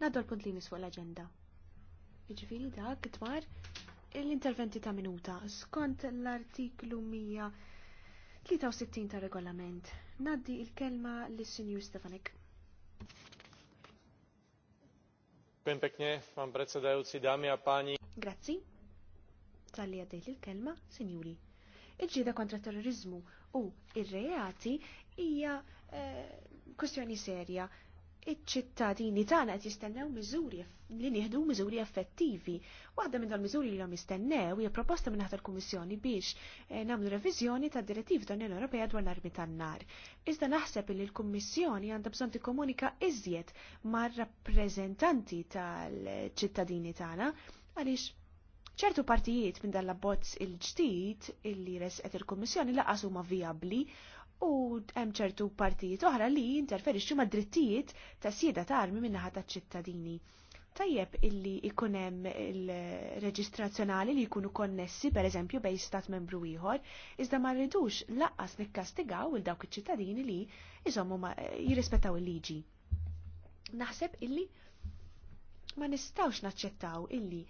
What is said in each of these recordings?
Naddu l-punt li fuq l-agenda. Iġviri dak dwar l-interventi ta' minuta skont l-artiklu 163 ta' regolament. Naddi il-kelma l-Sinjur Stefanik. Ben pekne, pan da dámy dami páni. Grazzi. Talli għaddejt il-kelma, Sinjuri. Iġġida kontra terrorizmu u il reati hija eh, kwestjoni serja iċ-ċittadini tagħna qed jistennew miżuri li nieħdu miżuri effettivi. Waħda minn dal-miżuri li hom jistennew hija proposta minn naħta l-Kummissjoni biex eh, nagħmlu reviżjoni tad-direttiva tal-Unjoni Ewropea dwar l-armi tan-nar. Iżda naħseb li l-Kummissjoni għandha bżonn tikkomunika iżjed mar-rappreżentanti tal-ċittadini tagħna għaliex ċertu partijiet minn dan abbozz il-ġdid illi resqet il-Kummissjoni laqas huma vijabbli u hemm ċertu partijiet oħra li jinterferixxu mad drittijiet ta' sieda ta' armi min-naħa taċ-ċittadini. Tajjeb illi ikun hemm il-reġistrazzjonali li jkunu konnessi pereżempju bejn stat membru ieħor, iżda ma rridux laqqas nikkastigaw il dawk iċ-ċittadini li ma jirrispettaw il-liġi. Naħseb illi ma nistawx naċċettaw illi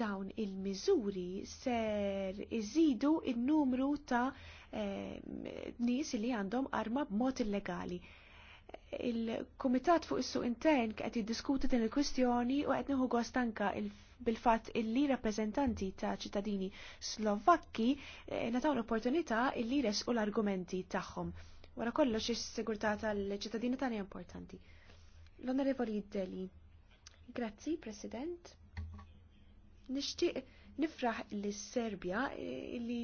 dawn il-miżuri ser iżidu il-numru ta' Eh, nies li għandhom arma b'mod illegali. Il-Kumitat fuq is-suq intern qed jiddiskuti din il-kwistjoni u qed nieħu gost anka bil-fatt illi rappreżentanti ta' ċittadini Slovakki eh, nataw l-opportunità illi resqu l-argumenti tagħhom. Wara kollox is-sigurtà tal-ċittadini tagħna importanti. L-Onorevoli Deli. Grazzi, President. Nixtieq Nifraħ li Serbja eh, li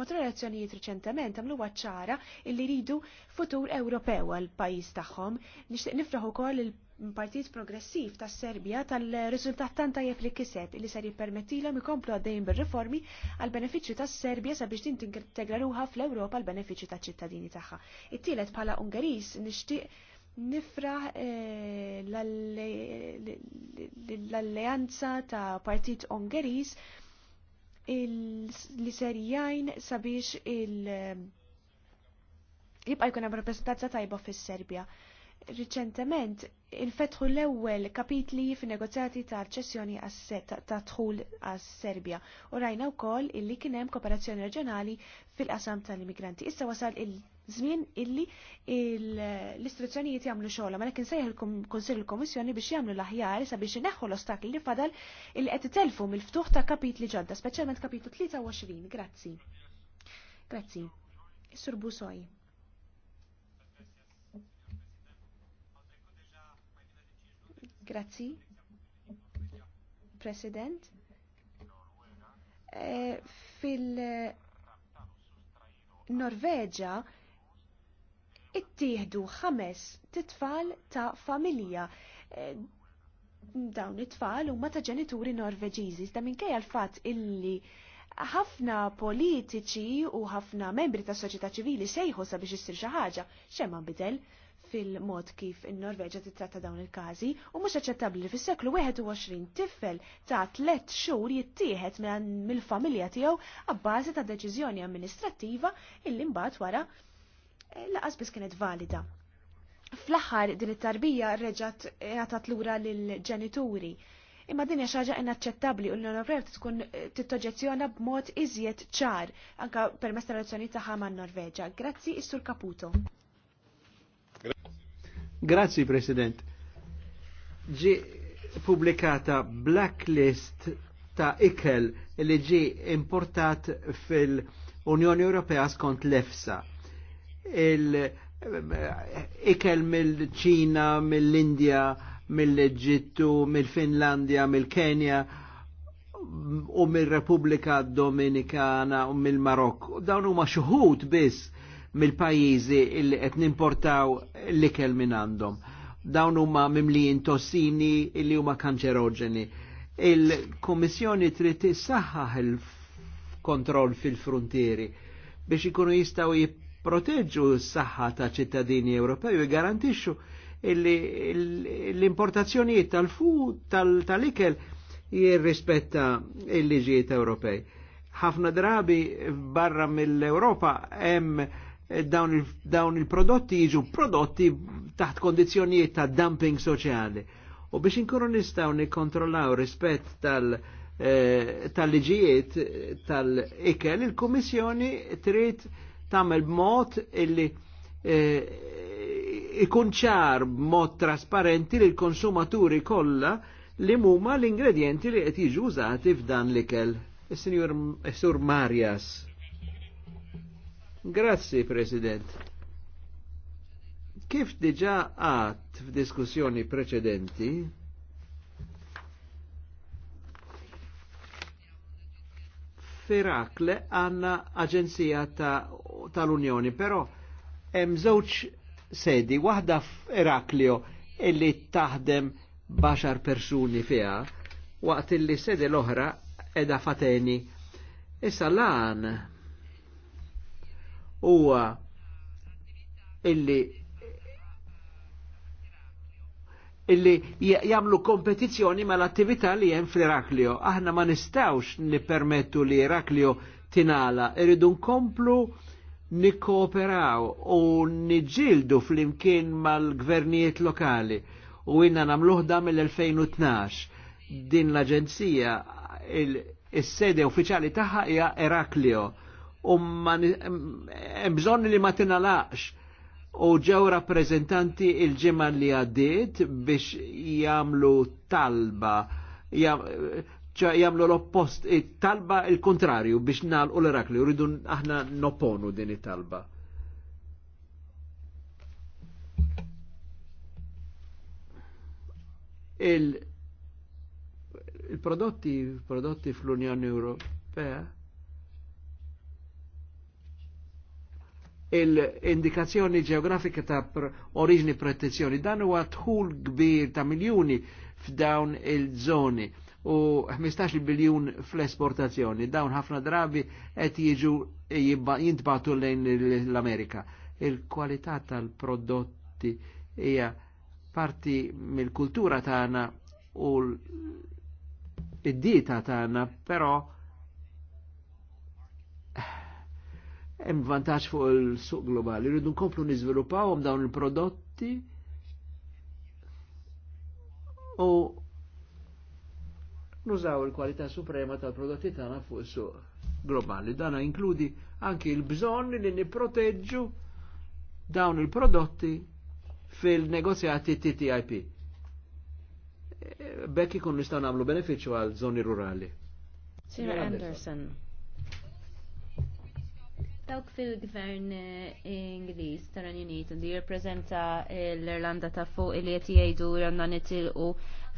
matul elezzjonijiet reċentement għamlu ċara li ridu futur Ewropew għal pajjiż tagħhom. Nixtieq nifraħ ukoll il-Partit Progressiv tas Serbja tal-riżultat tant tajjeb li kiseb li ser jippermettilhom ikomplu għaddejjin bir-riformi għal benefiċċju tas-Serbja sabiex tintegra ruħha fl-Ewropa għal benefiċċju taċ-ċittadini tagħha. It-tielet bħala Ungaris nixtieq nifraħ eh, l-alleanza ta' partit Ungaris li ser jajn sabiex il- eh, jibqa' jkun hemm rappreżentanza tajba fis-Serbja. Riċentement infetħu l-ewwel kapitli fin-negozjati tal-ċessjoni ta' dħul għas-Serbja u rajna wkoll illi kien hemm kooperazzjoni reġjonali fil-qasam tal-immigranti. Issa wasal il żmien illi l istruzzjonijiet jagħmlu xogħol, ma kien sejħ il konsil il komissjoni biex jagħmlu l-aħjar sabiex ineħħu l-ostakli li fadal illi qed telfu mill-ftuħ ta' kapitli ġodda, speċjalment kapitlu 23. Grazzi. Grazzi. sur Busoj. Grazzi. President. Eh, fil- Norveġa ittieħdu ħames titfal ta' familja e, dawn it-tfal huma ta' ġenituri Norveġiżi, iżda minkejja l-fatt illi ħafna politiċi u ħafna membri ta' soċjetà ċivili sejħu sabiex issir xi ħaġa, xemma bidel fil-mod kif in-Norveġa titratta dawn il-każi u mhux aċċettabbli li fis-seklu 21 tifel ta' tliet xhur jittieħed mill-familja tiegħu abbażi ta' deċiżjoni amministrattiva illi mbagħad wara laqas biss kienet valida. Fl-aħħar din it-tarbija reġgħet ngħatat lura lill-ġenituri. Imma din hija xi ħaġa inaċċettabbli u l norvegja Ewropea tkun tittoġezzjona b'mod iżjed ċar anke permezz tal-relazzjoni tagħha man-Norveġa. Grazzi is-Sur Caputo. Grazzi President. Ġi pubblikata blacklist ta' ikel li ġi importat fil-Unjoni Ewropea skont l-EFSA il-ikel mill-ċina, mill-Indja, mill-Eġittu, mill-Finlandja, mill-Kenja u mill-Repubblika Dominikana u mill-Marokk. Dawn huma xuħut biss mill-pajjiżi li qed nimportaw l-ikel minn għandhom. Dawn huma mimlijin tossini li huma kanċeroġeni. Il-Kommissjoni trid tissaħħaħ il-kontroll fil-frontieri biex ikunu jistgħu jip jipproteġġu s-saħħa ta' ċittadini Ewropej u jgarantixxu l-importazzjonijiet tal fu tal-ikel jirrispetta il-liġijiet Ewropej. Ħafna drabi barra mill-Ewropa hemm dawn il-prodotti jiġu prodotti taħt kondizzjonijiet ta' dumping soċjali. U biex inkunu nistgħu nikkontrollaw rispett tal- eh, tal-liġijiet tal-ikel, il-Kummissjoni trid tagħmel b'mod illi eh, ikun ċar b'mod trasparenti lil konsumaturi kollha li huma l-ingredienti li qed jiġu użati f'dan l-ikel. Is-Sinjur eh, eh, Sur Marjas. Grazzi, President. Kif diġa għat f'diskussjoni preċedenti, Firakle għanna aġenzija tal-Unjoni, ta però hemm żewġ sedi, waħda f'Iraklio illi taħdem baxar persuni fija, waqt illi sedi l-oħra edha fateni. Issa l-għan huwa illi illi jamlu kompetizjoni ma l-attività li jen fl-Iraklio. Aħna ma nistawx nipermettu li Iraklio tinala, irridu nkomplu nikkooperaw u nġildu fl-imkien mal-gvernijiet lokali u inna namluħda mill-2012. Din l-Aġenzija il-sede uffiċjali taħħa hija Eraklio u bżonni li ma tinalaqx u ġew rappreżentanti il-ġimgħa li għaddiet biex jagħmlu talba jagħmlu l-oppost talba il-kontrarju biex nal u l-Irakli rridu aħna nopponu din it-talba. il, il prodotti, prodotti fl-Unjoni Ewropea il-indikazzjoni ġeografika ta' oriġini protezzjoni. Dan huwa tħul kbir ta' miljuni f'dawn il-żoni u 15 biljun fl-esportazzjoni. Dawn ħafna drabi qed jiġu jintbatu lejn l-Amerika. Il-kwalità tal-prodotti hija parti mill-kultura tagħna u l dieta tagħna, però hemm vantaġġ fuq il-suq globali. Rridu nkomplu niżviluppawhom dawn il-prodotti u nużaw il-kwalità suprema tal-prodotti tagħna fuq is-suq globali. Dana inkludi anki l-bżonn li nipproteġġu dawn il-prodotti fil-negozjati TTIP. Bekki kun nistgħu nagħmlu benefiċċju għal żoni rurali. Sir Anderson. Dawk fil-gvern eh, Ingliż tar Unit li jirrappreżenta l-Irlanda ta' fuq li qed jgħidu għandna nitilqu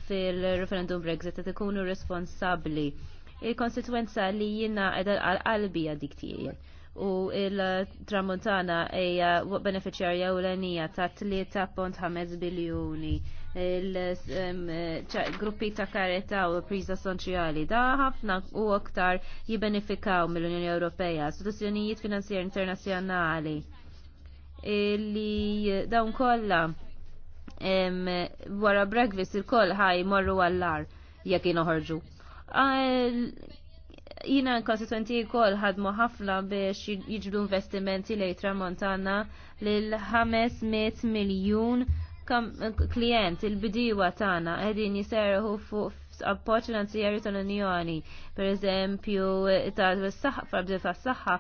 fil-referendum Brexit qed ikunu responsabbli. Il-konsekwenza li jiena qiegħda għal-qalbi għadik tiegħi u il-Tramontana hija beneficjarja ewlenija ta' 3.5 biljuni il-gruppi ta' kareta u priza soċjali. Da ħafna u aktar jibbenefikaw mill-Unjoni Ewropea, istituzzjonijiet finanzjer internazzjonali li dawn kollha wara breakfast il-koll ħaj morru għallar jekk inoħorġu. Jina konsistenti kol ħadmu ħafna biex jiġbdu investimenti li tramontana lil 500 miljon klient il-bidiwa tagħna qegħdin jiserħu fuq appoġġ finanzjarju tal-Unjoni, per eżempju s-saxħa saħħa ta' tas-saħħa,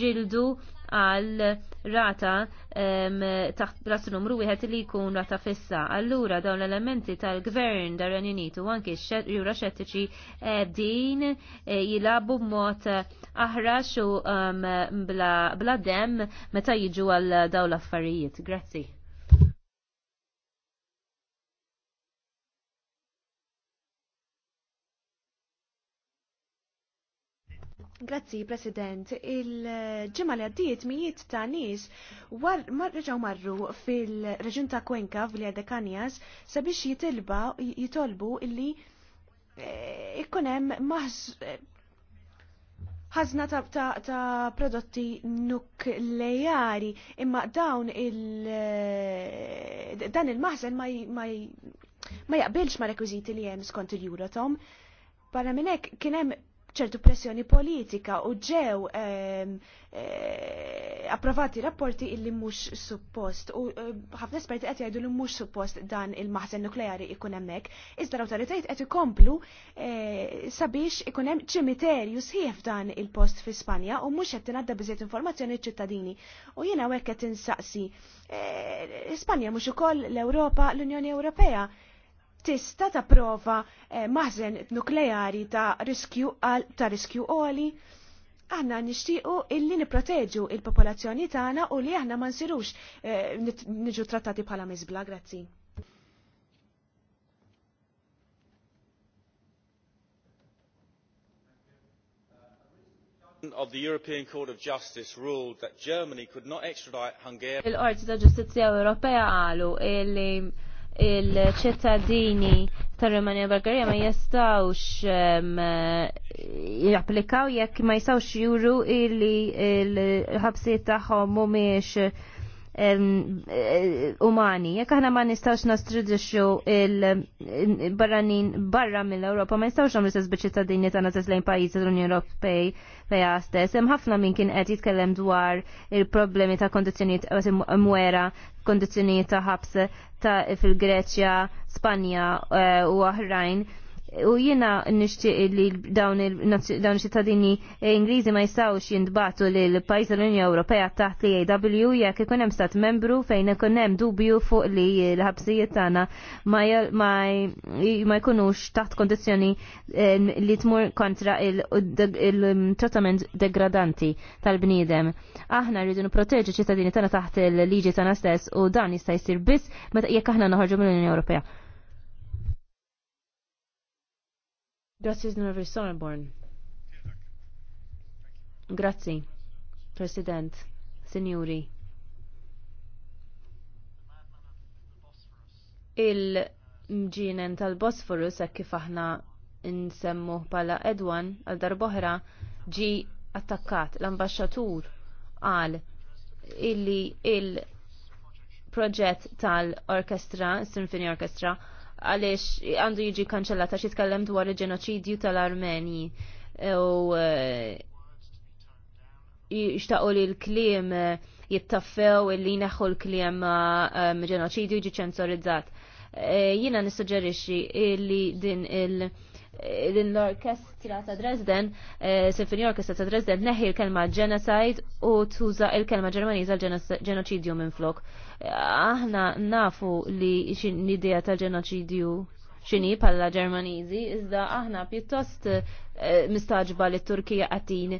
ġildu għal rata taħt ras numru wieħed li jkun rata fissa. Allura dawn l-elementi tal-gvern dar Unitu anki jura xettiċi din e, jilabu b'mod aħrax u bla dem meta jiġu għal dawn l-affarijiet. Grazzi. Grazzi, President. Il-ġimma li għaddiet mijiet ta' nis marreġaw marru fil-reġun ta' Kwenka fil Kanjas sabiex jitilba, jitolbu illi eh, ikkunem maħz ħazna ta, ta, ta, prodotti nukleari imma dawn il eh, dan il-maħzen ma, ma, ma jaqbilx ma rekwiziti li jem skont il-Eurotom. Barra minnek kienem ċertu pressjoni politika u ġew ehm, eh, approvati rapporti illi mhux suppost u eh, ħafna esperti qed jgħidu li mhux suppost dan il-maħzen nukleari ikun hemmhekk, iżda l-awtoritajiet qed ikomplu eh, sabiex ikun hemm ċimiterju sħiħ f'dan il-post fi Spanja u mhux qed tingħadda biżejt informazzjoni ċ-ċittadini. U jiena hekk qed insaqsi Spanja mhux ukoll l-Ewropa, l-Unjoni Ewropea tista ta' prova eh, maħzen nukleari ta' riskju għal ta' riskju għoli, aħna nishtiqu illi niproteġu il-popolazzjoni tagħna u li aħna ma nsirux eh, niġu trattati bħala miżbla, grazzi. of the European Court of Justice ruled that Germany could not extradite Hungary. Il-Qorti ta' Ġustizzja Ewropea qalu illi il-ċittadini tar-Romania Bulgarija ma jistawx japplikaw jekk ma jistawx juru illi il-ħabsiet tagħhom mhumiex Eh, umani. Jekk aħna ma nistgħux nastridixxu il-barranin barra mill-Ewropa, ma nistgħux nagħmlu stess biċ-ċittadini ta' nazis lejn pajjiżi tal-Unjoni Ewropej fejha stess. Hemm ħafna min kien qed jitkellem dwar il-problemi ta' kondizzjonijiet mwera, kondizzjonijiet ta' ħabs ta' fil-Greċja, Spanja eh, u oħrajn. Uh, U jiena nixtieq li dawn il-ċittadini eh, Ingliżi ma jistgħux jintbatu lil pajjiż l-Unja Ewropea taħt li AW jekk ikun hemm stat membru fejn ikun hemm dubju fuq li l-ħabsijiet tagħna ma jkunux taħt kondizjoni eh, li tmur kontra il-trattament mm, degradanti tal-bniedem. Aħna rridu nipproteġu ċittadini tagħna taħt il-liġi tagħna stess u dan jista' jsir biss meta jekk aħna noħorġu mill-Unjoni Ewropea. Grazie, signor Sonneborn. Grazzi, President, Signori. Il-mġinen tal-Bosforus, hekk kif aħna nsemmu bħala Edwan għal darboħra, ġi attakkat l-ambasċatur għal illi il-proġett tal-orkestra, Symphony Orchestra għaliex għandu jiġi kanċellata xi tkellem dwar il-ġenoċidju tal-Armeni u jishtaqo eh, li l-kliem eh, jittaffew illi neħu l-kliem eh, ġenoċidju jiġi ċensorizzat. Jina nissuġġerixxi li din il- l-orkestra ta' Dresden, Symphony Orchestra ta' Dresden neħi l-kelma genocide u tuża l kelma ġermaniza l-genocidju minn flok aħna nafu li xin idea ta' ġenoċidju xini palla ġermaniżi, iżda aħna pjuttost eh, mistaġba li Turkija għatin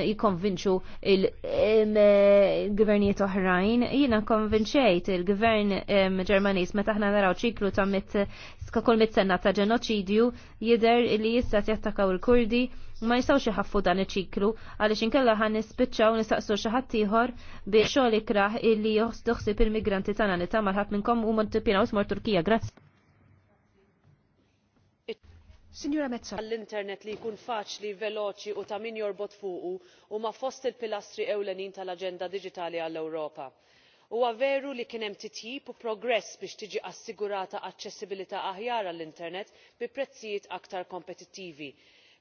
jikonvinċu il-gvernijiet oħrajn. Jina konvinċejt il-gvern ġermaniż meta aħna naraw ċiklu ta' mit mit-senna ta' ġenoċidju jider li jista' jattakaw il-Kurdi ma jistawx iħaffu dan iċiklu għaliex inkella ħan nispiċċaw nistaqsu xi ħadd ieħor bi xogħol ikraħ illi joħsib il-migranti tagħna li tagħmal ħadd minnkom huma ntipjinaw smor Turkija. Grazzi. Signora Mezza. L-internet li jkun faċli, veloċi u ta' min jorbot fuqu u ma fost il-pilastri ewlenin tal-Aġenda Digitali għall-Ewropa huwa veru li kien hemm titjib u progress biex tiġi assigurata aċċessibilità aħjar għall internet bi prezzijiet aktar kompetittivi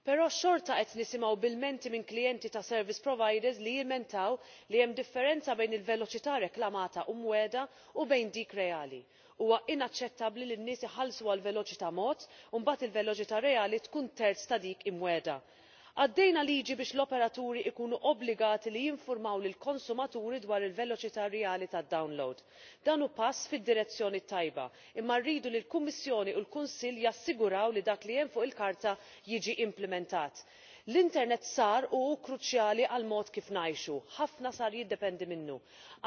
però xorta qed nisimgħu bilmenti minn klijenti ta' service providers li jimentaw li hemm differenza bejn il-veloċità reklamata u mwiegħda u bejn dik reali. huwa inaċċettabbli li n-nies iħallsu għal veloċità mod u mbagħad il veloċità reali tkun terz ta' dik imwiegħda għaddejna liġi biex l operaturi jkunu obbligati li jinformaw lill konsumaturi dwar il veloċità reali tad download. dan hu pass fid-direzzjoni tajba imma rridu li l kummissjoni u l kunsill jassiguraw li dak li hemm fuq il karta jiġi implementat l-internet sar u hu kruċjali għal mod kif ngħixu ħafna sar jiddependi minnu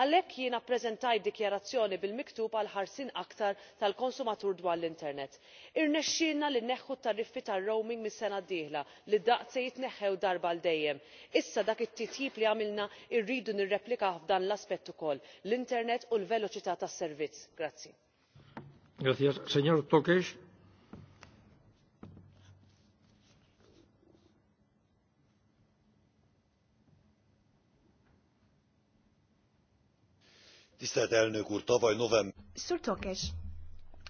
għalhekk jiena ppreżentajt dikjarazzjoni bil miktub għal ħarsien aktar tal konsumatur dwar l-internet. irnexxielna li nneħħu t-tariffi tar roaming mis-sena d-dieħla li daqs se jitneħħew darba għal dejjem. issa dak it-titjib li għamilna rridu nirreplikaw f'dan l-aspett ukoll l internet u l veloċità tas-servizz. Tisztelt elnök úr, tavaly november... Sur Tokes,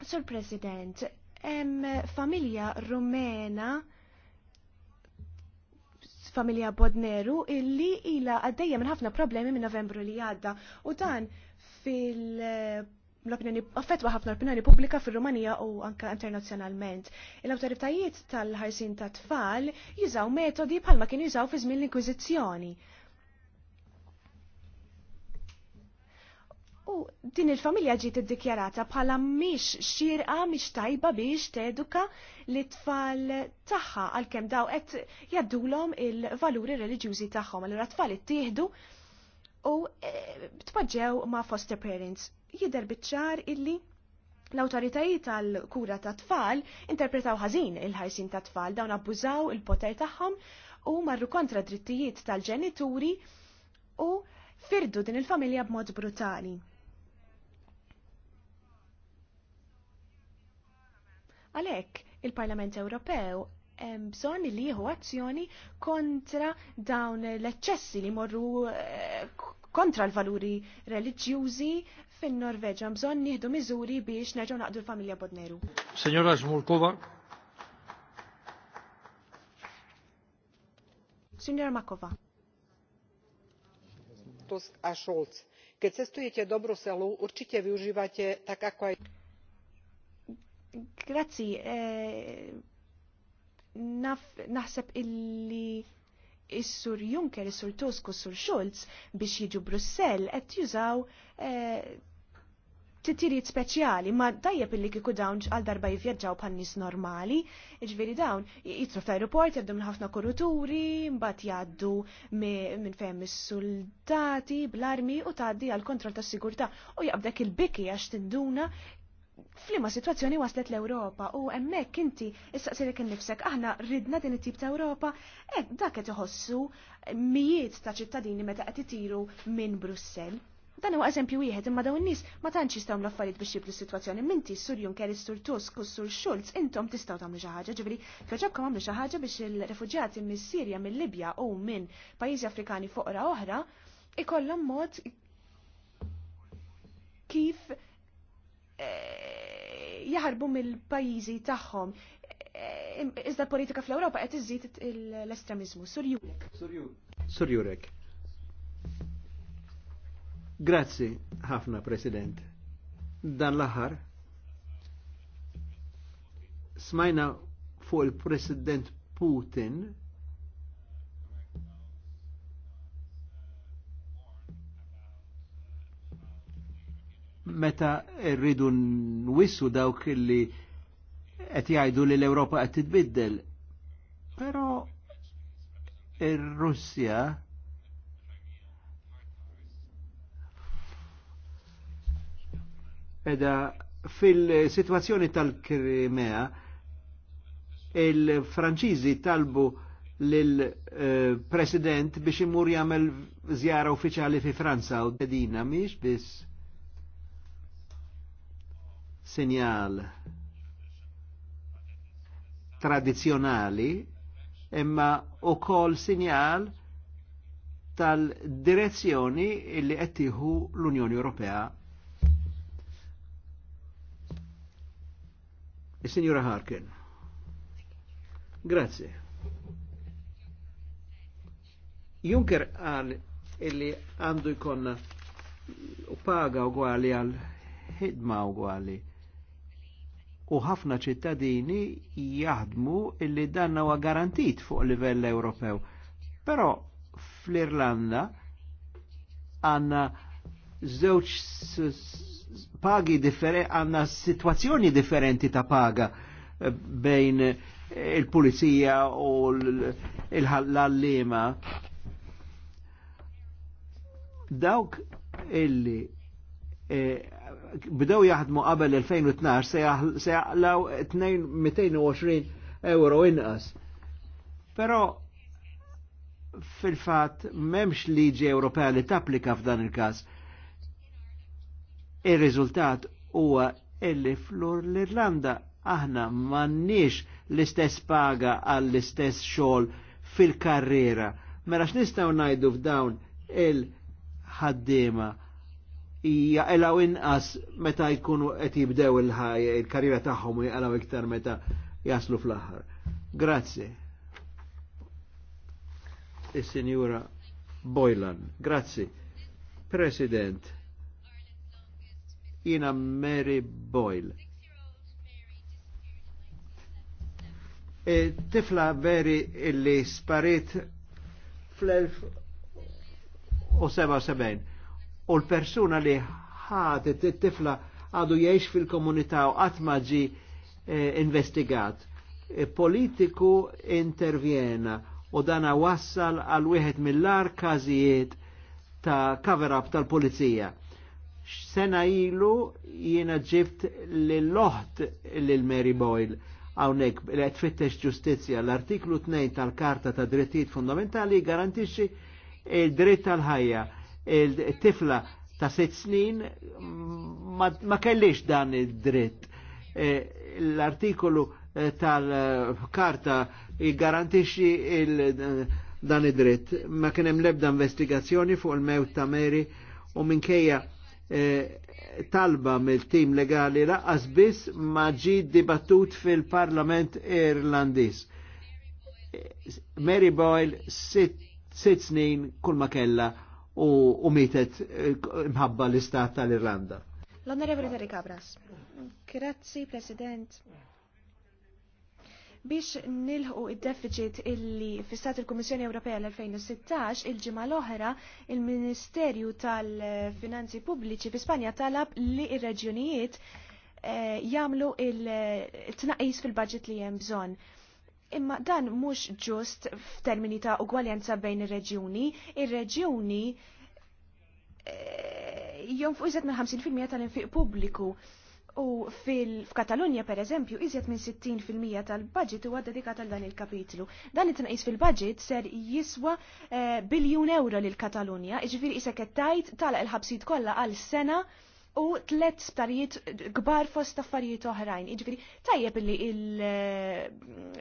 Sur President, em familja rumena familja Bodneru illi ila għaddejja minn ħafna problemi minn novembru li għadda u dan fil eh, l-opinjoni affetwa ħafna l-opinjoni pubblika fir-Rumanija u anka internazzjonalment. Il-awtoritajiet tal-ħarsin ta' tfal jużaw metodi bħalma kienu jużaw fi żmien l inkwizizjoni U din il-familja ġiet iddikjarata bħala mhix xirqa mhix tajba biex teduka li tfal tagħha għalkemm daw qed jaddulhom il-valuri reliġjużi tagħhom. Allura tfal ittieħdu u e, tpaġġew ma' foster parents. Jidher biċ-ċar illi l-autoritajiet tal-kura ta' tfal interpretaw ħażin il-ħajsin ta' tfal dawn abbużaw il-poter tagħhom u marru kontra drittijiet tal-ġenituri u firdu din il-familja b'mod brutali. Għalek, il-Parlament Ewropew bżon li jieħu azzjoni kontra dawn l eċessi li morru eh, kontra l-valuri reliġjużi fin-Norveġa Bżon nieħdu miżuri biex nerġgħu naqdu l-familja Bodneru. Senjora Zmulkova. Signora Makova. Tusk a Schulz. Keď cestujete do Bruselu, určite využívate tak ako aj... Grazzi, eh, naħseb illi is-sur Juncker, is-sur Tusk u s-sur Schulz biex jiġu Brussell qed jużaw eh, titiriet speċjali, ma dajjeb illi kiku dawn għal darba jivjaġġaw bħal nies normali, iġveri dawn jitru fl-aeroport, minn ħafna kuruturi mbagħad jgħaddu minn fehm is soldati bl-armi u tgħaddi għal kontroll tas-sigurtà u jaqbdek il-biki għax tinduna flima situazzjoni waslet l-Ewropa u emmek inti issaqsirek innifsek aħna ridna din it-tip ta' Ewropa, ek dak qed iħossu mijiet ta' ċittadini meta qed itiru minn Brussell. Dan huwa eżempju wieħed imma dawn nies ma tantx jistgħu l-affarijiet biex jibdu s-sitwazzjoni minti sur Juncker is-sur Tusk u sur Schulz intom tistgħu tagħmlu xi ħaġa, ġifieri feġabkom għamlu xi ħaġa biex il-refuġjati mis-Sirja mill-Libja u minn pajjiżi Afrikani foqra oħra ikollhom mod kif Eh, jaħarbu mill-pajizi tagħhom. Eh, iżda politika fl-Ewropa qed iżżid l-estremizmu. Sur Jurek. Grazzi ħafna President. Dan l-aħħar smajna fuq il-President Putin meta rridu nwissu dawk li qed jgħidu li l-Ewropa qed titbiddel. Però ir-Russja edha fil-situazzjoni tal-Krimea il-Franċiżi talbu lill-President eh, biex imur jagħmel żjara uffiċjali fi Franza u dedina miex biss sinjal tradizjonali imma u kol sinjal tal-direzzjoni illi għettiħu l-Unjoni Ewropea. Is-Sinjura Harkin. Grazie. Juncker għal illi għandu jkonna u paga u għali għal ħidma għali u ħafna ċittadini jaħdmu illi danna huwa garantit fuq livell Ewropew. Però fl-Irlanda għanna żewġ pagi differenti, għanna situazzjoni differenti ta' paga eh, bejn eh, il-pulizija u l-allima. Dawk illi eh, bdew jaħdmu qabel 2012 se jaqlaw 220 euro inqas. Però fil-fat memx liġi Ewropea li tapplika f'dan il-każ. Ir-riżultat huwa illi flur l-Irlanda aħna m'għandniex l-istess paga għall-istess xogħol fil-karriera. Mela x'nistgħu ngħidu f'dawn il-ħaddiema jaqelaw inqas meta jkunu qed jibdew il-ħajja il-karriera tagħhom u iktar meta jaslu fl-aħħar. Grazzi. Is-Sinjura Boylan. Grazzi. President. Jina Mary Boyle. E, tifla veri illi sparit fl-1977 u l-persuna li ħadet it-tifla għadu jiex fil-komunità u għatmaġi eh, investigat. E politiku intervjena u dana wassal għal wieħed mill-ar kazijiet ta' cover-up tal-polizija. Sena ilu jiena ġibt l-loħt l-Mary Boyle għawnek li tfittex ġustizja l-artiklu 2 tal-Karta ta' Drittijiet Fundamentali garantixi il-dritt tal-ħajja il-tifla ta' sitt snin ma, ma kellix dan id-dritt. E, l-artikolu e, tal-karta garantixi il, dan id-dritt. Ma kien hemm lebda investigazzjoni fuq il-mewt ta' Mary u minkejja e, talba mill-tim legali laqqas biss ma ġi dibattut fil-Parlament Irlandiż. Mary Boyle sit, sit snin kull ma kella u mietet eh, mħabba l-istat tal-Irlanda. L-Onorevoli Terry Cabras. Grazzi, President. Biex nilħu id-deficit illi fissat il-Kommissjoni Ewropea l-2016, il-ġimgħa l-oħra, il-Ministerju tal-Finanzi Pubbliċi fi Spanja talab li ir-reġjunijiet eh, jagħmlu il-tnaqis fil-budget li hemm bżonn Imma dan mhux ġust f'termini ta' ugwaljanza bejn ir-reġjuni, ir-reġjuni eh, fuq iżjed minn 50% tal-infiq pubbliku. U fil-Katalunja per eżempju, iżjed minn 60% tal-budget huwa dedikat għal dan il-kapitlu. Dan it-tnaqis fil-budget ser jiswa eh, biljun euro lil Katalunja, iġifieri isek tajt tal il-ħabsit kollha għal sena u tlet sptarijiet gbar fost affarijiet oħrajn. Iġviri, tajjeb li eh,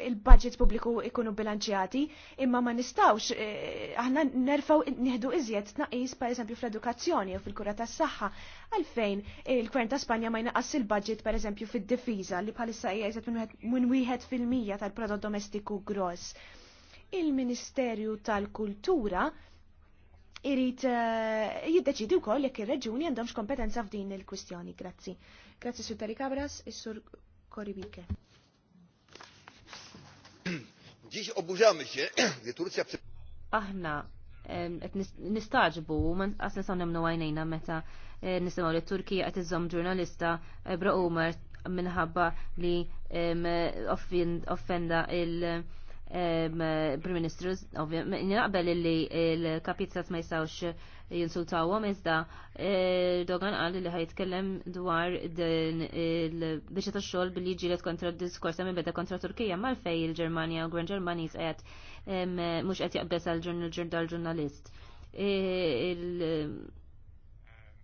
il-budget publiku ikunu bilanċjati, imma ma nistawx, eh, aħna nerfaw nieħdu iżjed tnaqis per eżempju fl-edukazzjoni u fil-kura tas saħħa għalfejn il kwen ta' Spanja ma jnaqqas il-budget per eżempju fid-difiża li bħalissa hija minn wieħed fil-mija tal-prodott domestiku gross. Il-Ministerju tal-Kultura irrit eh, jiddeċidi wkoll jekk ir-reġuni għandhomx kompetenza f'din il-kwistjoni. Grazzi. Grazzi Sur Tari Cabras, is-Sur Koribike. Dziś oburzamy się, gdy Turcja... Aħna nistaġbu, għas nisaw nemnu għajnejna meta e, nisimaw li Turkija qed iżom ġurnalista Ebra Umar minħabba li offenda il- Prim Ministru, ovvijament, naqbel li l-kapizzat ma jistawx jinsultawhom iżda eh, Dogan qal li ħajtkellem dwar din il-biċċa tax-xogħol billi jiġilet kontra d-diskors hemm beda kontra Turkija malfej il-Ġermanja u Gran Ġermaniż qed mhux qed jaqbes għal ġurnalist e,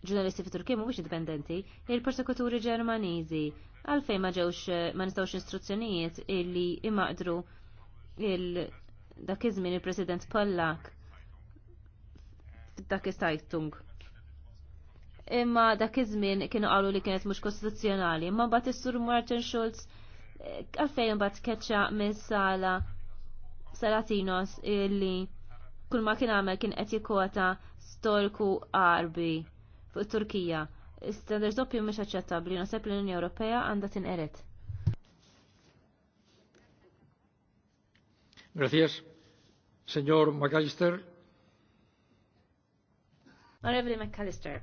ġurnalisti fi Turkija mhumiex indipendenti, il-persekuturi Ġermaniżi għalfejn ma ġewx ma nistgħux istruzzjonijiet illi imaqdru dak iż-żmien il-President Pollak dak is Imma dak iż-żmien kienu qalu li kienet mhux kostituzzjonali, imma mbagħad is-Sur Martin Schulz eh, għalfejn mbagħad keċa mis-sala Salatinos illi kull ma kien għamel kien qed jikkota storku qarbi fuq Turkija. Standard doppju mhux aċċettabbli, naħseb l-Unjoni Ewropea għandha tinqeret. Gracias. McAllister. McAllister.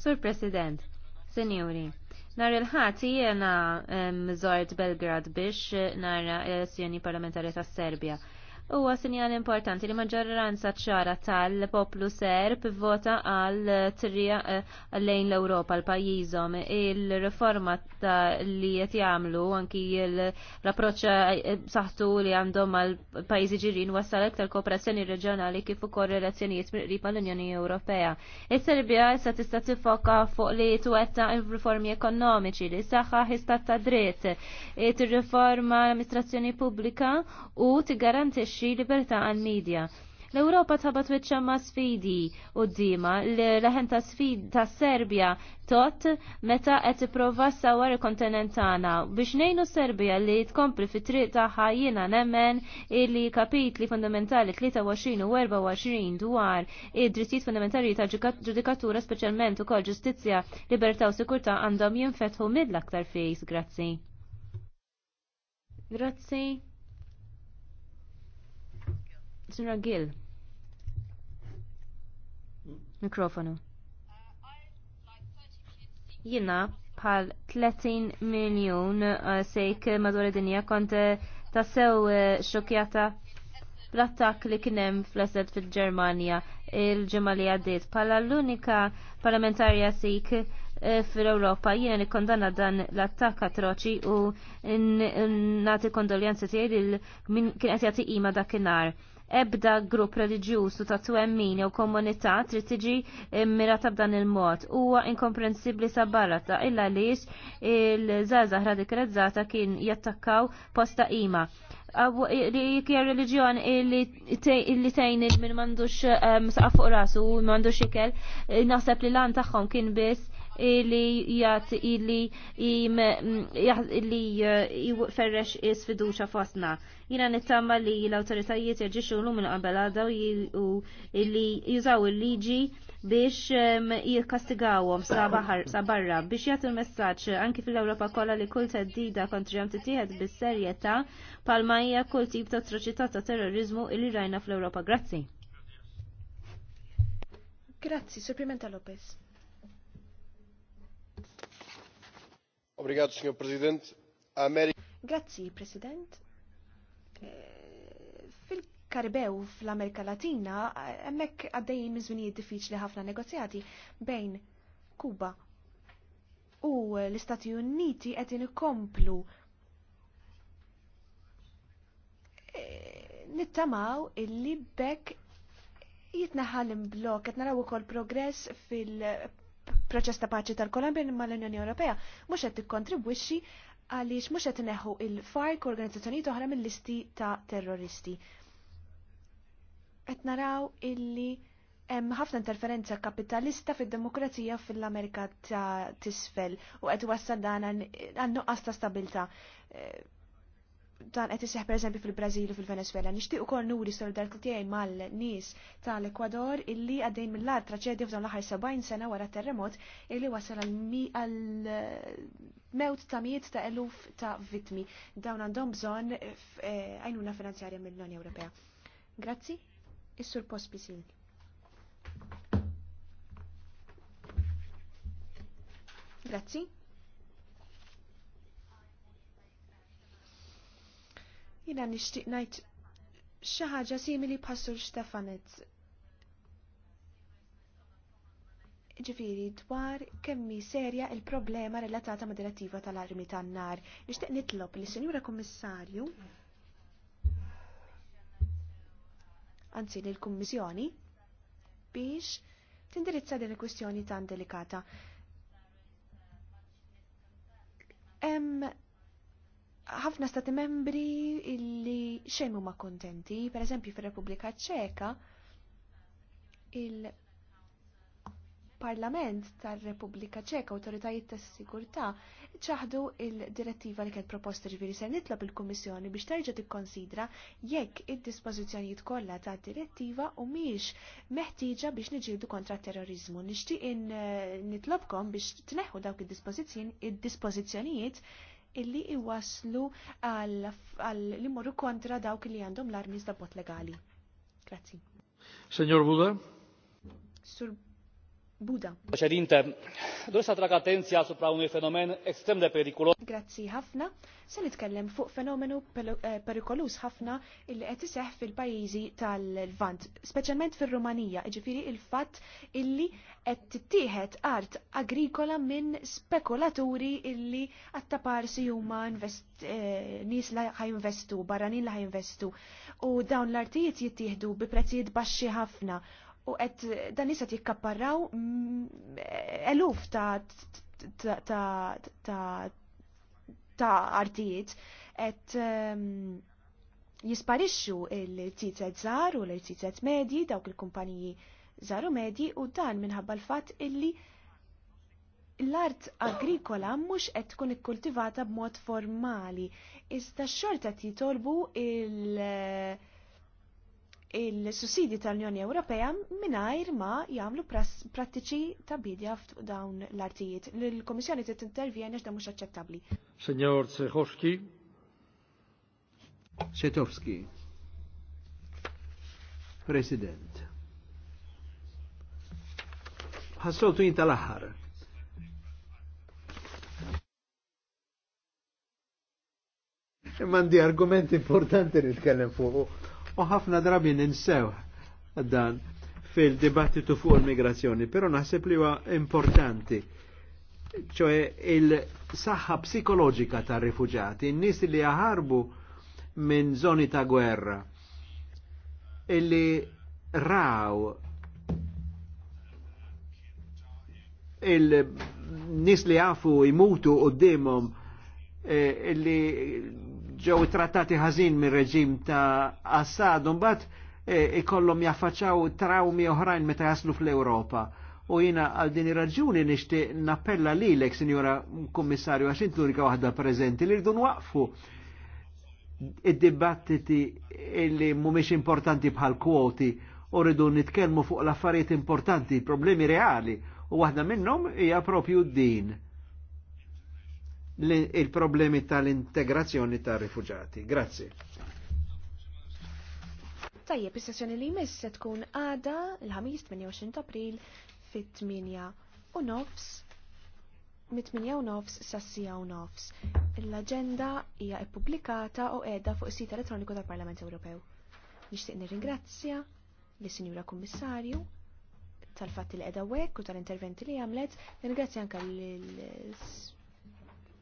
Sur President, Senjuri, Nar il-ħati jena mżort Belgrad biex nara elezzjoni parlamentari ta' Serbia huwa sinjal importanti li maġġoranza ċara tal-poplu serb vota għal trija eh, lejn l-Ewropa l pajjiżhom il-riforma li qed jagħmlu anki l-approċċ eh, saħtu li għandhom għal pajjiżi ġirin wassal aktar kooperazzjoni reġjonali kif ukoll relazzjonijiet miqrib l-Unjoni Ewropea. Is-Serbja issa tista' tifoka fuq li twetta riformi ekonomiċi li saħħa ħistat ta' dritt, tirriforma l-amministrazzjoni pubblika u tigarantixxi tirrikonoxxi libertà għal-medja. L-Europa tabat wiċċa ma' sfidi u d-dima l-leħen ta' sfidi ta' Serbia tot meta qed tipprova sawar il-kontinent biex ngħinu Serbia li tkompli fit triq tagħha ħajjina nemmen illi kapitli fundamentali 23 u 24 dwar id-drittijiet fundamentali ta' ġudikatura speċjalment ukoll ġustizzja, libertà u sikurtà għandhom jinfetħu mill-aktar fejs. Grazzi. Grazzi. Sura Gill. Mikrofonu. Jina bħal 30 miljon uh, sejk madwar id-dinja kont uh, tassew uh, xokjata l-attak li kienem fl-esed fil ġermania il-ġemma li għaddit. Pala l-unika parlamentarja sik fil-Europa jiena nikkondanna dan l-attak atroċi u nati kondoljanzi tiegħi li kien qed jagħti ima dakinhar ebda grupp reliġjużu u ta' twemmin jew komunità trid tiġi mirata b'dan il-mod. Huwa inkomprensibbli sabbarra ta' illa għaliex il-żgħażagħ radikalizzata kien jattakkaw posta ima. Kja religjon illi tejn il-min mandux eh, saqaf fuq rasu u mandux ikel, eh, naħseb li lan tagħhom kien biss li jgħat li eh, ferrex is-fiduċa fosna. Jina nittama li l-autoritajiet jirġiċu l-lum il-qabel għada u li jużaw il-liġi biex jikastigawom sa barra biex jgħatu il messagġ anki fil-Europa kolla li kull teddida kontri għam titiħed bis-serjeta palma hija kull tip ta' atroċità ta' terrorizmu li rajna fl-Europa. Grazzi. Grazzi, Supplimenta Lopez. Obrigado, Sr. President. Grazzi, President. Eh, Fil-Karibew, fl-Amerika Latina, hemmhekk għaddejjin minn żminijiet diffiċli ħafna negozjati bejn Kuba u l-Istati Uniti għedin komplu eh, nittamaw illi bekk jitnaħal blok qed naraw ukoll progress fil proċess ta' paċi tal-Kolombja imma l-Unjoni Ewropea mhux qed tikkontribwixxi għaliex mhux qed neħu il-FARC organizzazzjonijiet oħra mill-listi ta' terroristi. Qed naraw illi hemm ħafna interferenza kapitalista fid-demokrazija fil-Amerika ta' tisfel u qed wassal dan għan nuqqas ta' stabilta dan qed iseħħ pereżempju fil-Brażil u fil-Venezuela. Nixtieq ukoll nuri solidarità tiegħi mal-nies tal-Ekwador illi għaddejn mill-art traċedja f'dan l-aħħar 70 sena wara terremot illi wasal għal mewt ta' miet ta' eluf ta' vittmi. Dawn għandhom bżonn eh, għajnuna finanzjarja mill-Unjoni Ewropea. Grazzi, is-sur post bisil. Grazzi. Jina nishtiq najt xaħġa simili pastur Stefanet. Ġifiri, dwar kemmi serja il-problema relatata ma' direttiva tal-armi tan-nar. Nishtiq nitlob li senjura Kommissarju, anzi l-Kummissjoni, biex tindirizza din il-kwistjoni tan delikata. Em, ħafna stati membri illi xejn huma kontenti, per eżempju fir-Repubblika Ċeka, il-Parlament tar-Repubblika Ċeka Awtoritajiet tas-Sigurtà ċaħdu il-direttiva li kien proposta ġviri se nitlob il-Kummissjoni biex terġa' tikkonsidra jekk id-dispożizzjonijiet kollha ta' direttiva u miex meħtieġa biex niġildu kontra terrorizmu. Nixtieq nitlobkom biex tneħħu dawk id-dispożizzjonijiet illi iwaslu għall imorru kontra dawk li għandhom l-armi bot legali. Grazzi. Senjor Buda? Sur Buda. Președinte, doresc să atrag atenția asupra fenomen ekstrem de periculos. Grazzi ħafna, se nitkellem fuq fenomenu eh, perikolus ħafna illi qed iseħħ fil-pajjiżi tal-Lvant, speċjalment fir-Rumanija, jiġifieri il-fatt illi qed tittieħed art agrikola minn spekulaturi illi attaparsi huma eh, nies li ħajinvestu, barranin li ħajinvestu. U dawn l-artijiet jittieħdu bi prezzijiet baxxi ħafna u qed dan issa jikkapparraw mm, eluf ta' ta' artijiet qed ehm, jisparixxu l tizet zar u l tizet medji dawk il-kumpaniji zar u medji u dan minħabba l-fatt illi l-art agrikola mhux qed tkun ikkultivata b'mod formali. Iżda x-xorta titolbu il- il-sussidi tal-Unjoni Ewropea mingħajr ma jagħmlu prattiċi ta' bidja f'dawn dawn l-artijiet. L-Komissjoni trid intervjeni għax mhux aċċettabbli. Signor Sehoski. Setowski. President. Ħassoltu jien tal-aħħar. Mandi argument importanti nitkellem fuq u ħafna drabi ninsew dan fil-dibattitu fuq il-migrazzjoni, pero naħseb li huwa importanti ċoe il-saħħa psikoloġika tar rifugjati n-nis li jaħarbu minn zoni ta' gwerra, illi raw il-nis li jafu imutu u d-demom, eh, illi ġew trattati ħażin mir reġim ta' Assad, mbagħad e, ikollhom jaffaċċaw trawmi oħrajn meta jaslu fl-Ewropa. U jina għal din ir-raġuni nixtieq nappella lilek, Sinjora Kummissarju, għax int l-unika waħda preżenti li rridu nwaqfu id-dibattiti li mhumiex importanti bħal kwoti u rridu nitkellmu fuq l-affarijiet importanti, problemi reali, u waħda minnhom hija propju din il-problemi tal-integrazzjoni tal-rifugjati. Grazie. Tajjeb, is-sessjoni li jmiss se tkun għada l-ħamis 28 April fit-8 u nofs mit-8 u nofs sassija u nofs. L-agenda hija ippubblikata u qiegħda fuq is-sit elettroniku tal-Parlament Ewropew. Nixtieq nirringrazzja lis-Sinjura Kummissarju tal-fatti li qiegħda u tal-interventi li għamlet, nirringrazzja anke l